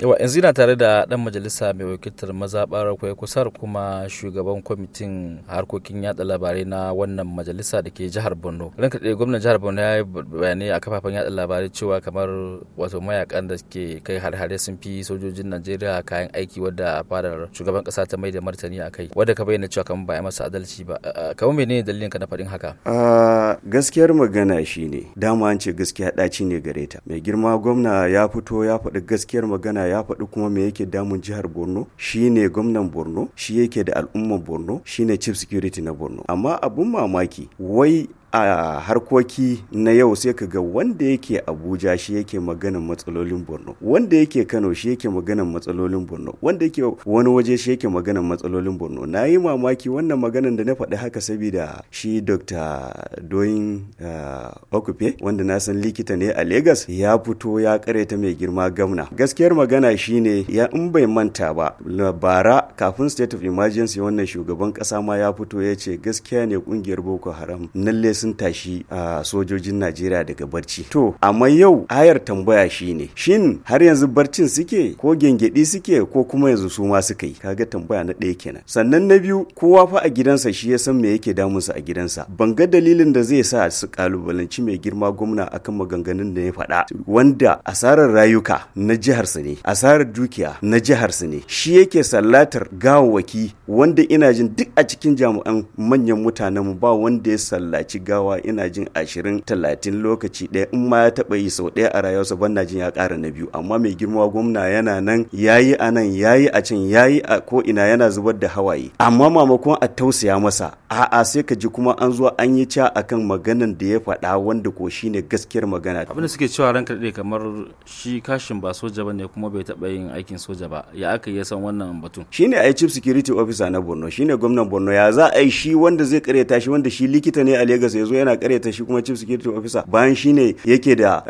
yawa yanzu yana tare da dan majalisa mai wakiltar mazaɓar kwaikusar kuma shugaban kwamitin harkokin yada labarai na wannan majalisa da ke jihar borno ran kaɗe gwamnan jihar borno ya yi bayanai a kafafen yada labarai cewa kamar wato mayakan da ke kai har-hare sun fi sojojin najeriya kayan aiki wadda a fadar shugaban ƙasa ta mai da martani a kai wadda ka bayyana cewa kamar ba a masa adalci ba kamar menene dalilin ka na faɗin haka gaskiyar magana shine dama an ce gaskiya ɗaci ne gare mai girma gwamna ya fito ya faɗi gaskiyar magana ya faɗi kuma me yake damun jihar borno shine gwamnan borno shi yake da al'umman borno shine chief security na borno amma abun mamaki wai a harkoki na yau sai ka ga wanda yake abuja shi yake maganin matsalolin borno wanda yake kano shi yake maganin matsalolin borno wanda yake wani waje shi yake maganin matsalolin borno na yi mamaki wannan maganan da na faɗi haka saboda shi dr doyin okupe wanda na san likita ne a Legas ya fito ya ta mai girma gamna gaskiyar magana shine ya in bai manta ba bara kafin state of emergency wannan shugaban kasa ma ya fito ya ce gaskiya ne kungiyar boko haram na les sun tashi a sojojin najeriya daga barci to amma yau ayar tambaya shine shin har yanzu barcin suke ko gengedi suke ko kuma yanzu su ma suka yi kaga tambaya na ɗaya kenan sannan na biyu kowa fa a gidansa shi ya san me yake damunsa a gidansa ban ga dalilin da zai sa su kalubalanci mai girma gwamna akan maganganun da ya faɗa wanda asarar rayuka na su ne asarar dukiya na jihar su ne shi yake sallatar gawawwaki wanda ina jin duk a cikin jami'an manyan mutanenmu ba wanda ya sallaci gawa bugawa ina jin ashirin talatin lokaci ɗaya in ma ya taɓa yi sau ɗaya a rayuwarsa ban na jin ya ƙara na biyu amma mai girma gwamna yana nan yayi a nan yayi a can yayi a ko ina yana zubar da hawaye amma mamakon a tausaya masa a'a sai ka ji kuma an zo an yi ca akan maganan da ya faɗa wanda ko shine gaskiyar magana abin da suke cewa ranka daɗe kamar shi kashin ba soja ba ne kuma bai taɓa yin aikin soja ba ya aka yi san wannan batun shine ai chief security officer na borno shine gwamnan borno ya za a yi shi wanda zai karyata shi wanda shi likita ne a lagos sai ya zo yana kareta shi kuma chief security officer bayan shine yake da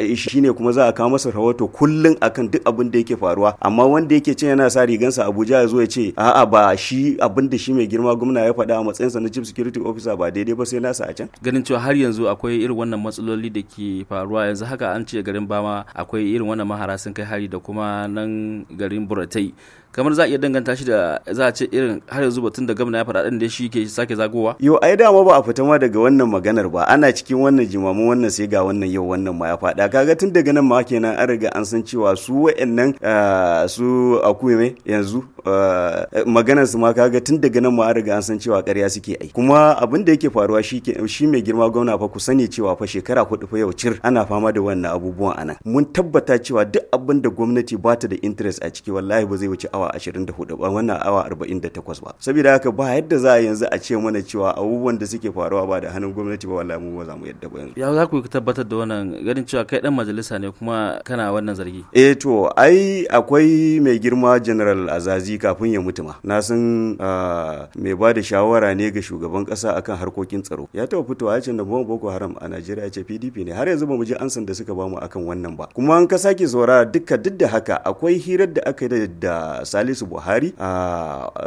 eh, shine kuma za a kawo masa rahoto kullun akan duk abin da yake faruwa amma wanda yake cin yana sa rigansa Abuja ya zo ya ce a'a ba shi abin da shi mai girma gwamna ya faɗa a matsayinsa na chief security officer ba daidai ba sai nasa a can ganin cewa har yanzu akwai irin wannan matsaloli da ke faruwa yanzu haka an ce garin Bama akwai irin wannan mahara sun kai hari da kuma nan garin Buratai kamar za a iya danganta shi da za a ce irin har yanzu batun da gwamna ya faɗa din da shi ke sake zagowa yo ai dama ba a fita ma daga wannan maganar ba ana cikin wannan jimamin wannan sai ga wannan yau wannan ma ya faɗa kaga tun daga nan ma kenan an riga an san cewa su wa'annan ah, su akume yanzu ah, maganar su ma kaga tun daga nan ma an riga an san cewa ƙarya suke ai kuma abin da yake faruwa shi mai girma gwamna fa ku sani cewa fa shekara kuɗi fa yau cir ana fama da wannan abubuwan anan mun tabbata cewa duk abin da gwamnati ba ta da interest a ciki wallahi ba zai wuce awa 24 ba wannan awa 48 ba saboda haka ba yadda za a yanzu a ce mana cewa abubuwan da suke faruwa ba da hannun gwamnati ba wallahi mu ba za mu yadda ba yanzu ya za ku tabbatar da wannan ganin cewa kai dan majalisa ne kuma kana wannan zargi eh to ai akwai mai girma general azazi kafin ya mutuma. ma na san ah, mai ba da shawara ne ga shugaban kasa akan harkokin tsaro ya taɓa fitowa ya ce na bomba boko haram a najeriya ya ce pdp ne har yanzu ba mu je ansan da suka bamu akan wannan ba kuma an ka sake saurara duka duk da haka akwai hirar da aka yi da salisu buhari a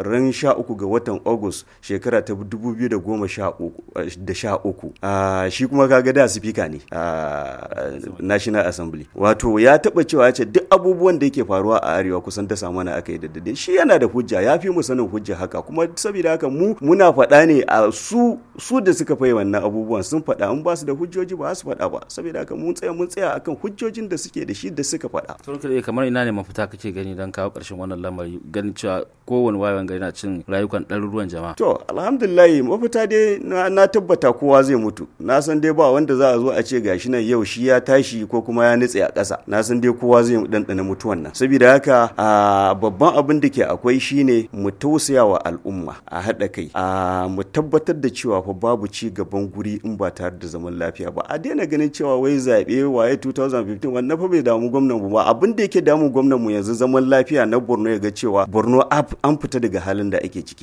ran sha uku ga watan agus shekara ta dubu biyu da goma sha uku da sha uku shi kuma kaga da sifika ne a national assembly wato ya taba cewa ce duk abubuwan da yake faruwa a arewa kusan ta samu na aka yi daddade shi yana da hujja ya fi mu sanin hujja haka kuma saboda haka mu muna faɗa ne a su su da suka fai wannan abubuwan sun faɗa an ba su da hujjoji ba su faɗa ba saboda haka mun tsaya mun tsaya akan hujjojin da suke da shi da suka faɗa to eh, kamar ina ne mafita kake gani dan kawo ƙarshen wannan lamari ganin cewa kowane wayan gari na cin rayukan ɗaruruwan jama'a to alhamdulillah mafita dai na tabbata kowa zai mutu na san dai ba wanda za a zo a ce gashi nan yau shi ya tashi ko kuma ya nutse a ƙasa na san dai kowa zai ɗanɗana mutuwan nan saboda haka a babban abin da ke akwai shine mu tausaya wa al'umma a haɗa kai a mu tabbatar da cewa fa babu ci gaban guri in ba tare da zaman lafiya ba a daina ganin cewa wai zaɓe waye 2015 wannan fa bai damu gwamnan mu ba abin da yake damu gwamnan mu yanzu zaman lafiya na Borno ya ga cewa Borno an fita daga halin da ake ciki